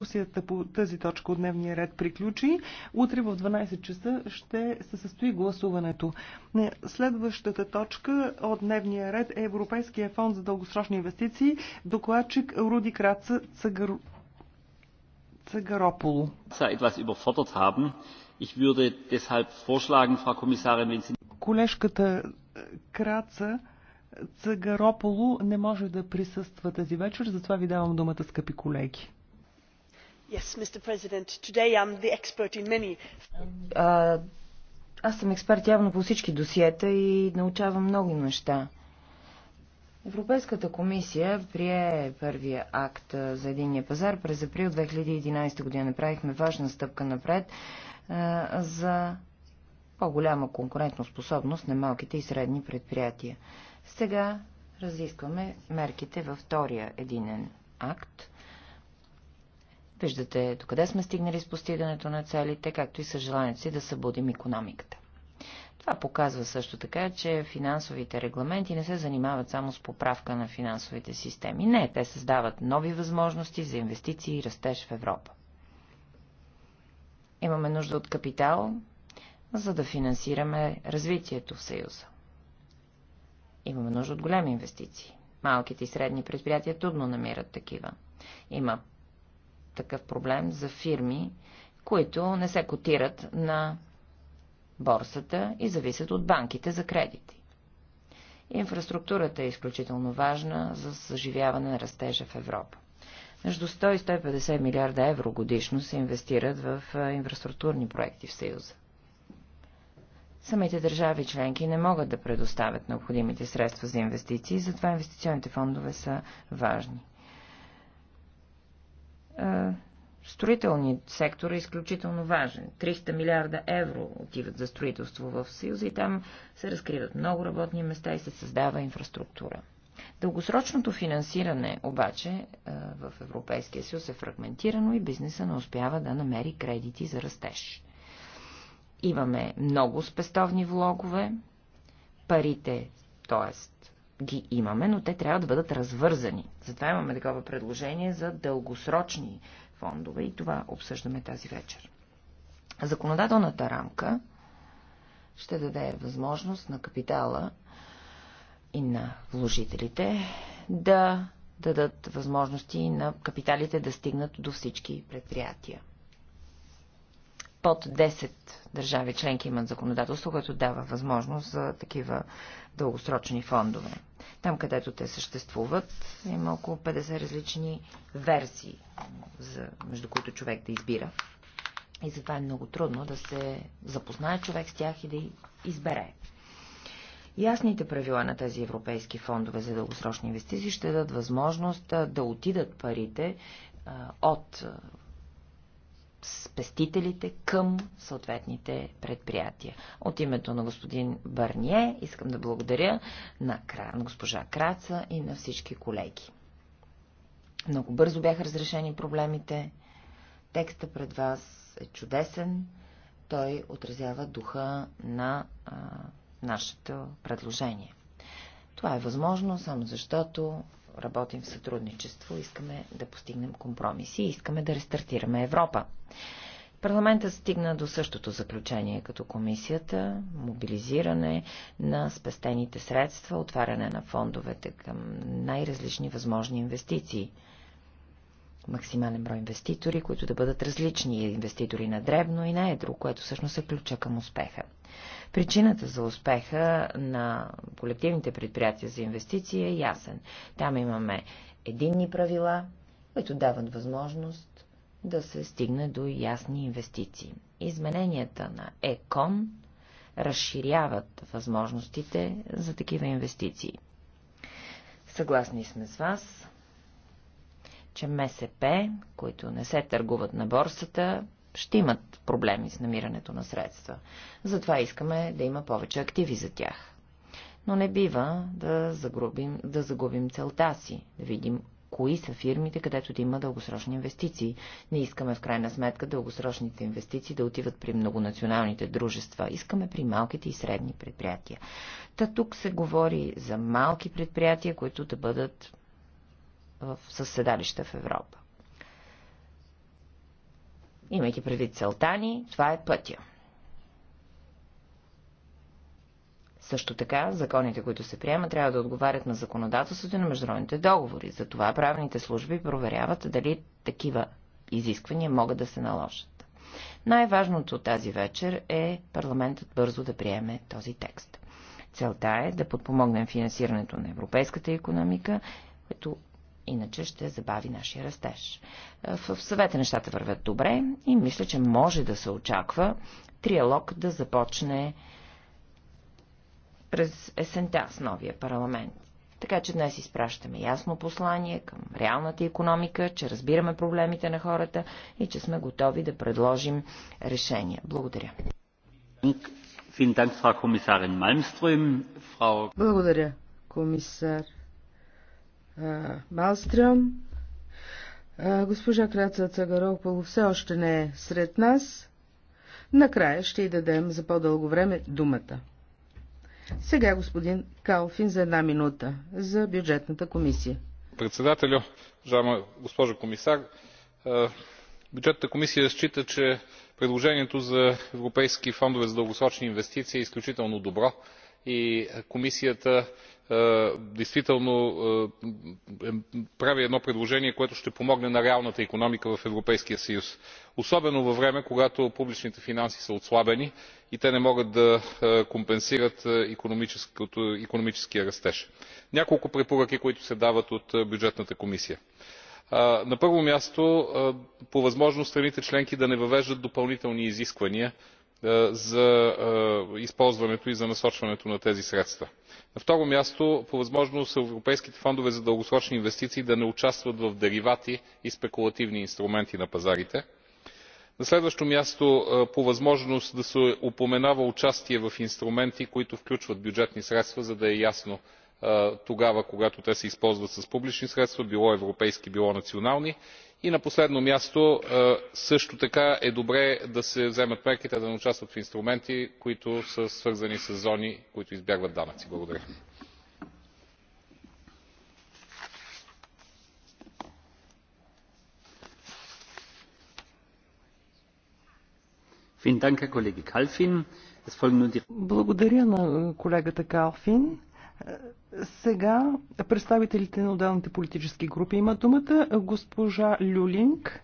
Дискусията по тази точка от дневния ред приключи. Утре в 12 часа ще се състои гласуването. Следващата точка от дневния ред е Европейския фонд за дългосрочни инвестиции. Докладчик Руди Краца Цагар... Цагарополо. Колежката е, Краца Цагарополо не може да присъства тази вечер, затова ви давам думата, скъпи колеги mr president today i am the expert in many аз съм експерт явно по всички досиета и научавам много неща. Европейската комисия прие първия акт за единния пазар през април 2011 година. Направихме важна стъпка напред за по-голяма конкурентоспособност на малките и средни предприятия. Сега разискваме мерките във втория единен акт – Виждате докъде сме стигнали с постигането на целите, както и с желанието си да събудим економиката. Това показва също така, че финансовите регламенти не се занимават само с поправка на финансовите системи. Не, те създават нови възможности за инвестиции и растеж в Европа. Имаме нужда от капитал, за да финансираме развитието в Съюза. Имаме нужда от големи инвестиции. Малките и средни предприятия трудно намират такива. Има такъв проблем за фирми, които не се котират на борсата и зависят от банките за кредити. Инфраструктурата е изключително важна за съживяване на растежа в Европа. Между 100 и 150 милиарда евро годишно се инвестират в инфраструктурни проекти в Съюза. Самите държави членки не могат да предоставят необходимите средства за инвестиции, затова инвестиционните фондове са важни строителният сектор е изключително важен. 300 милиарда евро отиват за строителство в Съюза и там се разкриват много работни места и се създава инфраструктура. Дългосрочното финансиране обаче в Европейския съюз е фрагментирано и бизнеса не успява да намери кредити за растеж. Имаме много спестовни влогове, парите, т.е ги имаме, но те трябва да бъдат развързани. Затова имаме такова предложение за дългосрочни фондове и това обсъждаме тази вечер. Законодателната рамка ще даде възможност на капитала и на вложителите да дадат възможности на капиталите да стигнат до всички предприятия под 10 държави членки имат законодателство, което дава възможност за такива дългосрочни фондове. Там, където те съществуват, има около 50 различни версии, за, между които човек да избира. И затова е много трудно да се запознае човек с тях и да избере. Ясните правила на тези европейски фондове за дългосрочни инвестиции ще дадат възможност да отидат парите от спестителите към съответните предприятия. От името на господин Барние искам да благодаря на, на госпожа Краца и на всички колеги. Много бързо бяха разрешени проблемите. Текста пред вас е чудесен. Той отразява духа на а, нашето предложение. Това е възможно само защото работим в сътрудничество, искаме да постигнем компромиси и искаме да рестартираме Европа. Парламентът стигна до същото заключение като комисията – мобилизиране на спестените средства, отваряне на фондовете към най-различни възможни инвестиции – максимален брой инвеститори, които да бъдат различни инвеститори на дребно и на едро, което всъщност е ключа към успеха. Причината за успеха на колективните предприятия за инвестиции е ясен. Там имаме единни правила, които дават възможност да се стигне до ясни инвестиции. Измененията на ЕКОН разширяват възможностите за такива инвестиции. Съгласни сме с вас, че МСП, които не се търгуват на борсата, ще имат проблеми с намирането на средства. Затова искаме да има повече активи за тях. Но не бива да, загубим, да загубим целта си, да видим кои са фирмите, където да има дългосрочни инвестиции. Не искаме в крайна сметка дългосрочните инвестиции да отиват при многонационалните дружества. Искаме при малките и средни предприятия. Та тук се говори за малки предприятия, които да бъдат в, със седалища в Европа. Имайки предвид целта ни, това е пътя. Също така, законите, които се приемат, трябва да отговарят на законодателството и на международните договори. Затова правните служби проверяват дали такива изисквания могат да се наложат. Най-важното тази вечер е парламентът бързо да приеме този текст. Целта е да подпомогнем финансирането на европейската економика, като Иначе ще забави нашия растеж. Е, в съвета нещата вървят добре и мисля, че може да се очаква триалог да започне през есента с новия парламент. Така че днес изпращаме ясно послание към реалната економика, че разбираме проблемите на хората и че сме готови да предложим решения. Благодаря. Благодаря, комисар Малстръм. Госпожа Краца Цагарополо все още не е сред нас. Накрая ще й дадем за по-дълго време думата. Сега господин Калфин за една минута за бюджетната комисия. Председателю, жама госпожо комисар, бюджетната комисия счита, че предложението за европейски фондове за дългосрочни инвестиции е изключително добро и комисията действително е, прави едно предложение което ще помогне на реалната икономика в европейския съюз особено във време когато публичните финанси са отслабени и те не могат да компенсират икономическия растеж. няколко препоръки които се дават от бюджетната комисия. на първо място по възможност страните членки да не въвеждат допълнителни изисквания за използването и за насочването на тези средства. на второ място по възможност европейските фондове за дългосрочни инвестиции да не участват в деривати и спекулативни инструменти на пазарите. на следващо място по възможност да се упоменава участие в инструменти които включват бюджетни средства за да е ясно тогава когато те се използват с публични средства било европейски било национални и на последно място е, също така е добре да се вземат мерки те да не участват в инструменти които са свързани със зони които избягват данъци. благодаря. Благодаря на колегата Калфин. Сега представителите на отделните политически групи имат думата. Госпожа Люлинг.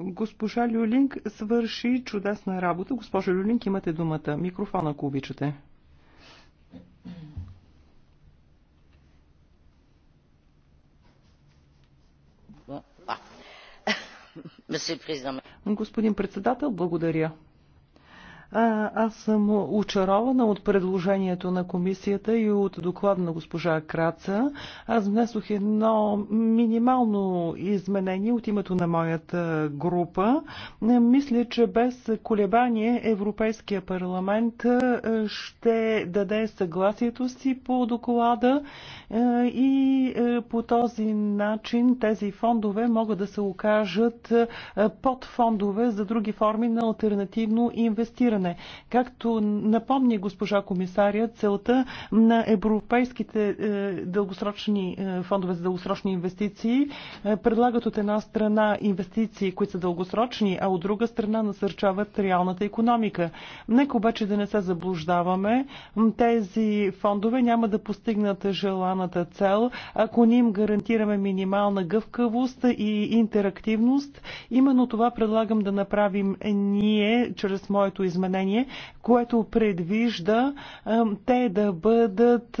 Госпожа Люлинг свърши чудесна работа. Госпожа Люлинг, имате думата. Микрофон, ако обичате. Господин председател, благодаря. А, аз съм очарована от предложението на комисията и от доклада на госпожа Краца. Аз внесох едно минимално изменение от името на моята група. Мисля, че без колебание Европейския парламент ще даде съгласието си по доклада и по този начин тези фондове могат да се окажат под фондове за други форми на альтернативно инвестиране финансиране. Както напомни госпожа комисаря, целта на европейските е, дългосрочни е, фондове за дългосрочни инвестиции е, предлагат от една страна инвестиции, които са дългосрочни, а от друга страна насърчават реалната економика. Нека обаче да не се заблуждаваме. Тези фондове няма да постигнат желаната цел, ако ни им гарантираме минимална гъвкавост и интерактивност. Именно това предлагам да направим ние чрез моето изменение изменение, което предвижда те да бъдат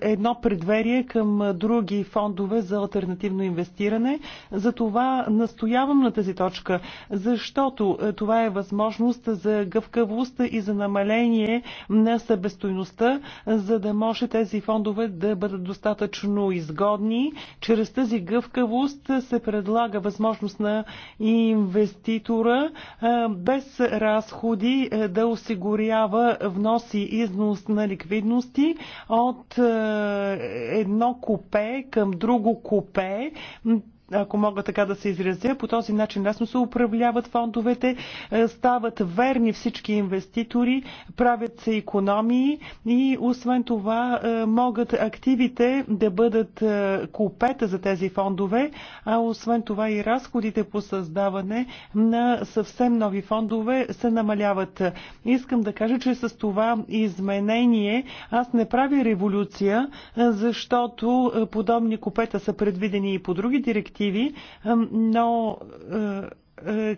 едно предверие към други фондове за альтернативно инвестиране. За това настоявам на тази точка, защото това е възможност за гъвкавост и за намаление на събестойността, за да може тези фондове да бъдат достатъчно изгодни. Чрез тази гъвкавост се предлага възможност на инвеститора без разходи е, да осигурява внос и износ на ликвидности от е, едно купе към друго купе ако мога така да се изразя, по този начин лесно се управляват фондовете, е, стават верни всички инвеститори, правят се економии и освен това е, могат активите да бъдат е, купета за тези фондове, а освен това и разходите по създаване на съвсем нови фондове се намаляват. Искам да кажа, че с това изменение аз не правя революция, защото подобни купета са предвидени и по други директиви, директиви, но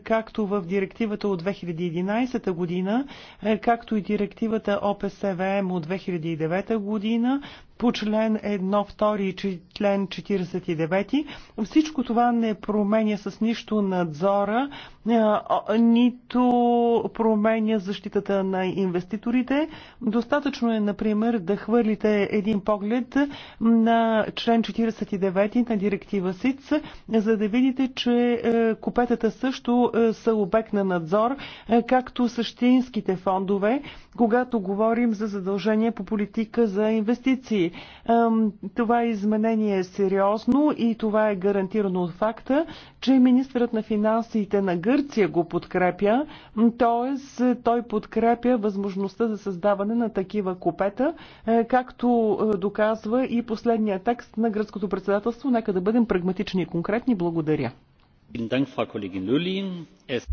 както в директивата от 2011 година, както и директивата ОПСВМ от 2009 година, по член 1, 2 и член 49. Всичко това не променя с нищо надзора, нито променя защитата на инвеститорите. Достатъчно е, например, да хвърлите един поглед на член 49 на директива СИЦ, за да видите, че е, купетата също е, са обект на надзор, е, както същинските фондове когато говорим за задължение по политика за инвестиции. Това изменение е сериозно и това е гарантирано от факта, че министърът на финансите на Гърция го подкрепя, т.е. той подкрепя възможността за създаване на такива купета, е, както е, доказва и последния текст на гръцкото председателство. Нека да бъдем прагматични и конкретни. Благодаря.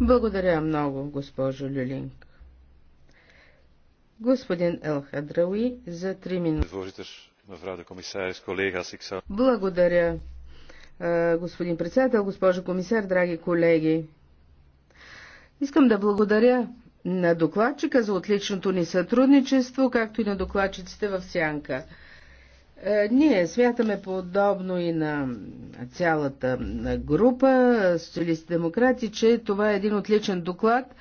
Благодаря много, госпожо Люлинг. Господин Елхадрауи за три минути. Благодаря, господин председател, госпожо комисар, драги колеги. Искам да благодаря на докладчика за отличното ни сътрудничество, както и на докладчиците в Сянка. Ние смятаме подобно и на цялата група социалисти-демократи, че това е един отличен доклад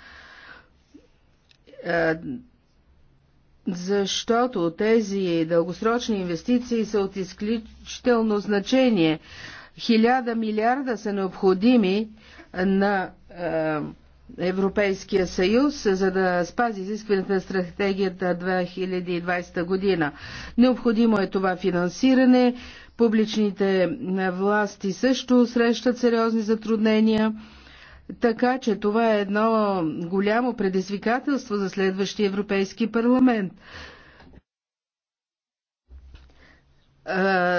защото тези дългосрочни инвестиции са от изключително значение. Хиляда милиарда са необходими на е, Европейския съюз, за да спази изискването на стратегията 2020 година. Необходимо е това финансиране. Публичните власти също срещат сериозни затруднения. Така че това е едно голямо предизвикателство за следващия Европейски парламент.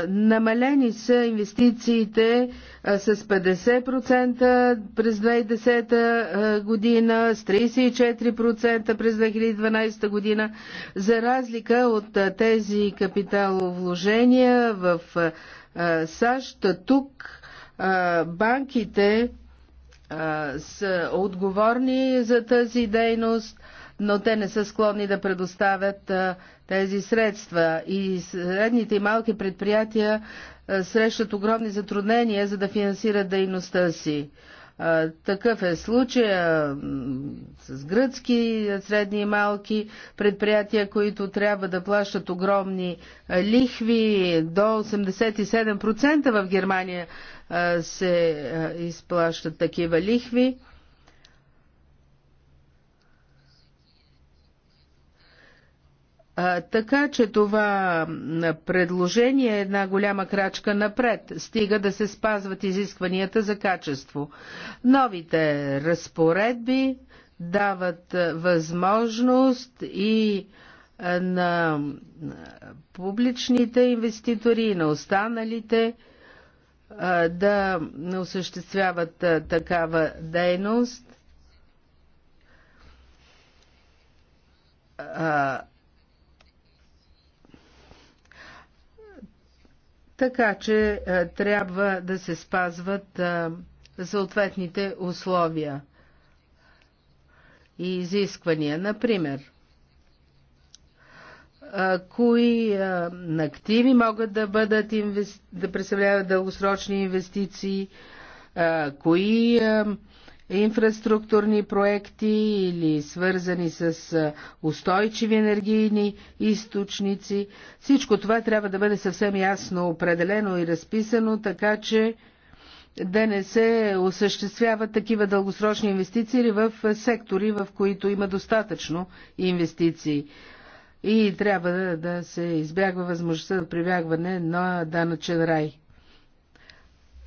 намалени са инвестициите с 50% през 2010 година, с 34% през 2012 година, за разлика от тези капиталовложения в САЩ. Тук банките са отговорни за тази дейност, но те не са склонни да предоставят тези средства. И средните и малки предприятия срещат огромни затруднения, за да финансират дейността си. Такъв е случай с гръцки средни и малки предприятия, които трябва да плащат огромни лихви до 87% в Германия се изплащат такива лихви. Така че това предложение е една голяма крачка напред, стига да се спазват изискванията за качество. Новите разпоредби дават възможност и на публичните инвеститори и на останалите да осъществяват такава дейност Така че е, трябва да се спазват е, съответните условия и изисквания. Например, е, кои активи могат да бъдат инвести... да представляват дългосрочни инвестиции, кои инфраструктурни проекти или свързани с устойчиви енергийни източници. Всичко това трябва да бъде съвсем ясно определено и разписано, така че да не се осъществяват такива дългосрочни инвестиции в сектори, в които има достатъчно инвестиции. И трябва да, да се избягва възможността за прибягване на данъчен рай.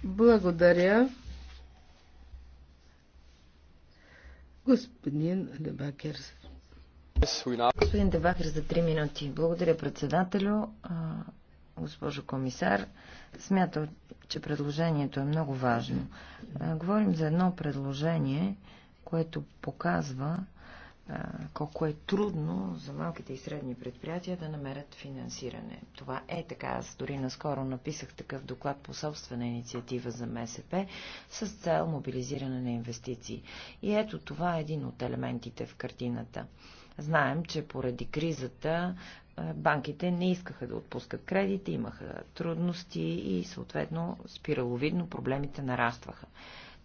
Благодаря. Господин Дебакер. Господин Дебакер за 3 минути. Благодаря председателю. Госпожо комисар, смятам, че предложението е много важно. Говорим за едно предложение, което показва, колко е трудно за малките и средни предприятия да намерят финансиране. Това е така. Аз дори наскоро написах такъв доклад по собствена инициатива за МСП с цел мобилизиране на инвестиции. И ето това е един от елементите в картината. Знаем, че поради кризата банките не искаха да отпускат кредити, имаха трудности и съответно спираловидно проблемите нарастваха.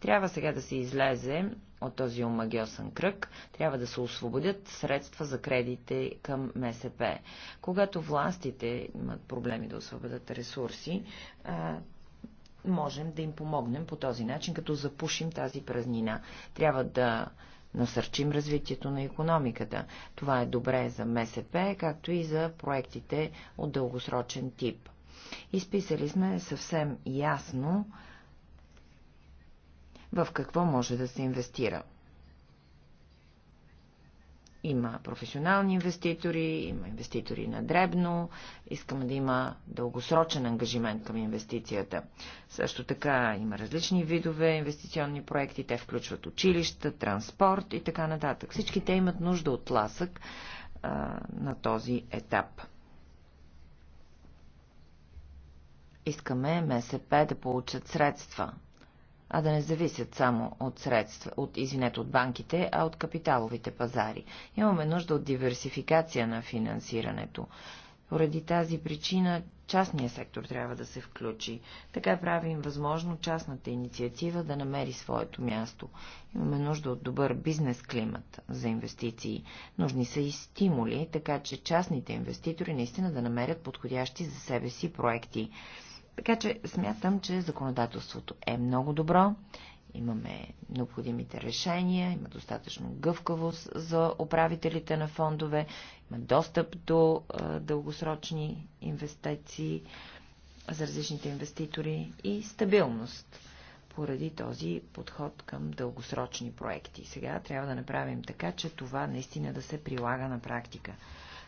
Трябва сега да се излезе от този омагиосен кръг, трябва да се освободят средства за кредите към МСП. Когато властите имат проблеми да освободят ресурси, можем да им помогнем по този начин, като запушим тази празнина. Трябва да насърчим развитието на економиката. Това е добре за МСП, както и за проектите от дългосрочен тип. Изписали сме съвсем ясно в какво може да се инвестира. Има професионални инвеститори, има инвеститори на дребно, искаме да има дългосрочен ангажимент към инвестицията. Също така има различни видове инвестиционни проекти, те включват училища, транспорт и така нататък. Всички те имат нужда от ласък а, на този етап. Искаме МСП да получат средства а да не зависят само от средства, от, извинете, от банките, а от капиталовите пазари. Имаме нужда от диверсификация на финансирането. Поради тази причина частния сектор трябва да се включи. Така правим възможно частната инициатива да намери своето място. Имаме нужда от добър бизнес климат за инвестиции. Нужни са и стимули, така че частните инвеститори наистина да намерят подходящи за себе си проекти. Така че смятам, че законодателството е много добро, имаме необходимите решения, има достатъчно гъвкавост за управителите на фондове, има достъп до а, дългосрочни инвестиции за различните инвеститори и стабилност поради този подход към дългосрочни проекти. Сега трябва да направим така, че това наистина да се прилага на практика.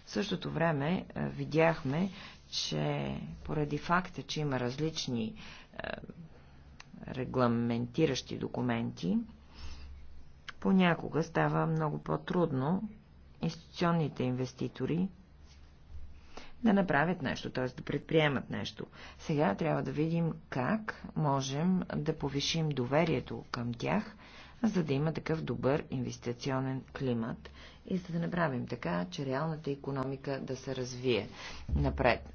В същото време видяхме, че поради факта, че има различни е, регламентиращи документи, понякога става много по-трудно институционните инвеститори да направят нещо, т.е. да предприемат нещо. Сега трябва да видим как можем да повишим доверието към тях, за да има такъв добър инвестиционен климат и за да направим така, че реалната економика да се развие напред.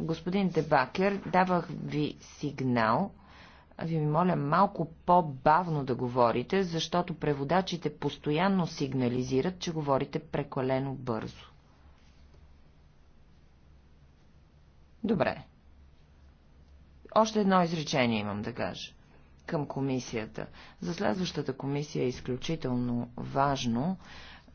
Господин Дебакер, давах ви сигнал. Ви моля малко по-бавно да говорите, защото преводачите постоянно сигнализират, че говорите прекалено бързо. Добре. Още едно изречение имам да кажа към комисията. За следващата комисия е изключително важно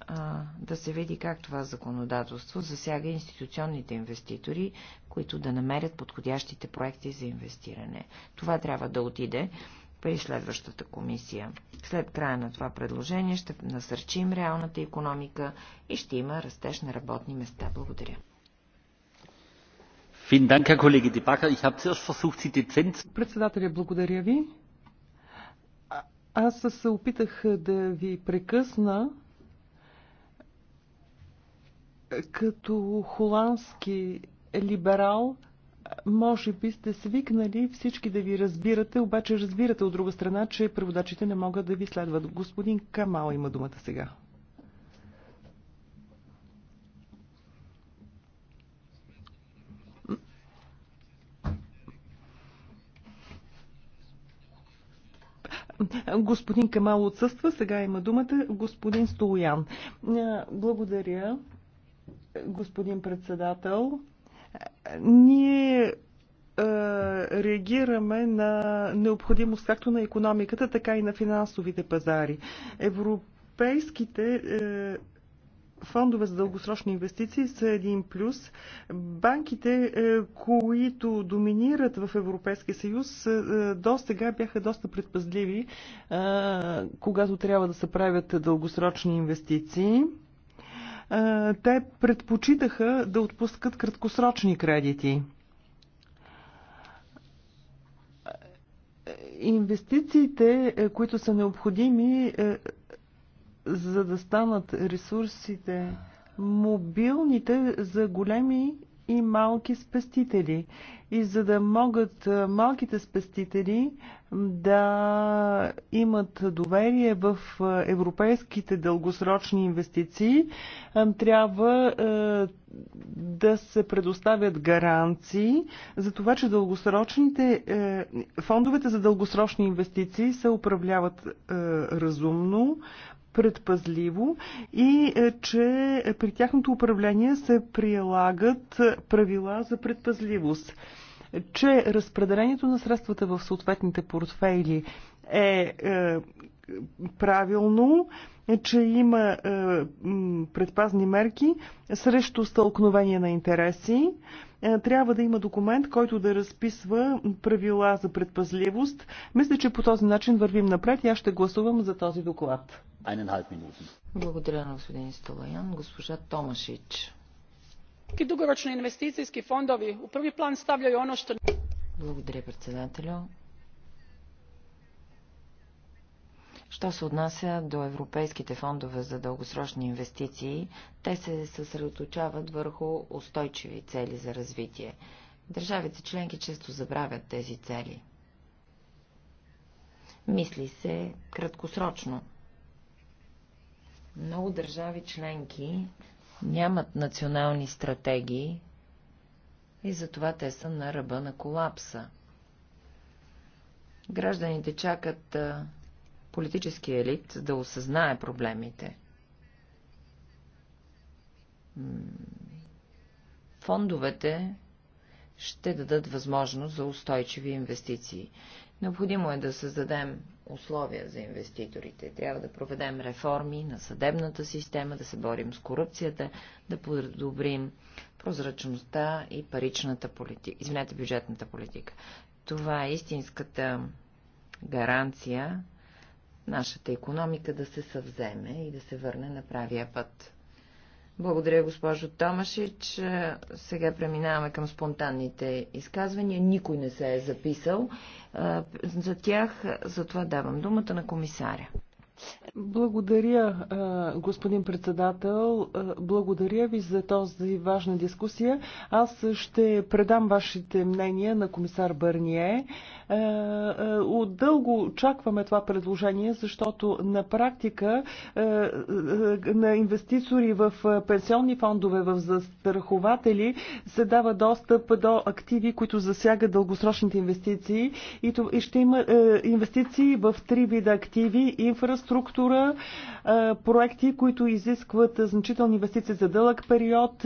а, да се види как това законодателство засяга институционните инвеститори, които да намерят подходящите проекти за инвестиране. Това трябва да отиде при следващата комисия. След края на това предложение ще насърчим реалната економика и ще има растеж на работни места. Благодаря. Председателя, благодаря ви. Аз се опитах да ви прекъсна, като холандски либерал, може би сте свикнали всички да ви разбирате, обаче разбирате от друга страна, че преводачите не могат да ви следват. Господин Камал има думата сега. Господин Камал отсъства, сега има думата господин Столоян. Благодаря господин председател. Ние е, реагираме на необходимост както на економиката, така и на финансовите пазари. Европейските е, фондове за дългосрочни инвестиции са един плюс. Банките, е, които доминират в Европейския съюз, до сега бяха доста предпазливи, когато трябва да се правят дългосрочни инвестиции. Е, те предпочитаха да отпускат краткосрочни кредити. Инвестициите, е, които са необходими, е, за да станат ресурсите мобилните за големи и малки спестители. И за да могат малките спестители да имат доверие в европейските дългосрочни инвестиции, трябва да се предоставят гаранции за това, че дългосрочните е, фондовете за дългосрочни инвестиции се управляват е, разумно, предпазливо и е, че при тяхното управление се прилагат правила за предпазливост че разпределението на средствата в съответните портфейли е, е правилно, че има е, предпазни мерки срещу стълкновение на интереси. Е, трябва да има документ, който да разписва правила за предпазливост. Мисля, че по този начин вървим напред и аз ще гласувам за този доклад. Благодаря на господин Столаян, Госпожа Томашич dugoročni investicijski fondovi u prvi plan stavljaju ono što. Благодаря, председателю. Що се отнася до европейските фондове за дългосрочни инвестиции, те се съсредоточават върху устойчиви цели за развитие. Държавите членки често забравят тези цели. Мисли се краткосрочно. Много държави членки нямат национални стратегии и затова те са на ръба на колапса. Гражданите чакат политически елит да осъзнае проблемите. Фондовете ще дадат възможност за устойчиви инвестиции. Необходимо е да създадем условия за инвеститорите. Трябва да проведем реформи на съдебната система, да се борим с корупцията, да подобрим прозрачността и паричната политика, извинете, бюджетната политика. Това е истинската гаранция нашата економика да се съвземе и да се върне на правия път. Благодаря, госпожо Томашич. Сега преминаваме към спонтанните изказвания. Никой не се е записал за тях, затова давам думата на комисаря. Благодаря, господин председател. Благодаря ви за този важна дискусия. Аз ще предам вашите мнения на комисар Бърние. Е, е, От дълго очакваме това предложение, защото на практика е, на инвеститори в пенсионни фондове, в застрахователи се дава достъп до активи, които засягат дългосрочните инвестиции и ще има инвестиции в три вида активи, инфраструктура, проекти, които изискват значителни инвестиции за дълъг период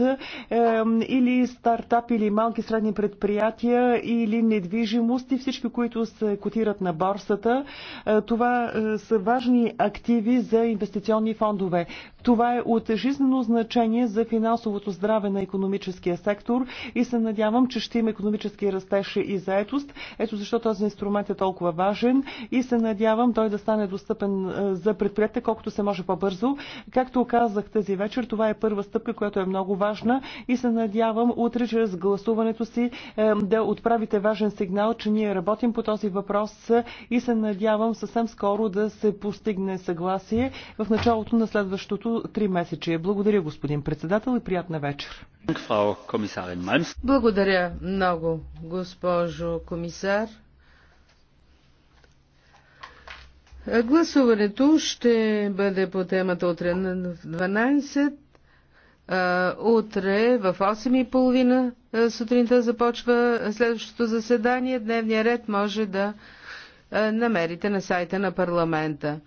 или стартап или малки средни предприятия или недвижимост и всички които се котират на борсата. Е, това е, са важни активи за инвестиционни фондове. Това е от жизнено значение за финансовото здраве на економическия сектор и се надявам, че ще има економически растеж и заетост. Ето защо този инструмент е толкова важен и се надявам той да стане достъпен е, за предприятите колкото се може по-бързо. Както казах тази вечер, това е първа стъпка, която е много важна и се надявам утре чрез гласуването си да отправите важен сигнал, че ние работим работим по този въпрос и се надявам съвсем скоро да се постигне съгласие в началото на следващото три месече. Благодаря, господин председател, и приятна вечер. Благодаря много, госпожо комисар. Гласуването ще бъде по темата утре на 12. Е, утре в 8.30 е, сутринта започва следващото заседание. Дневния ред може да е, намерите на сайта на парламента.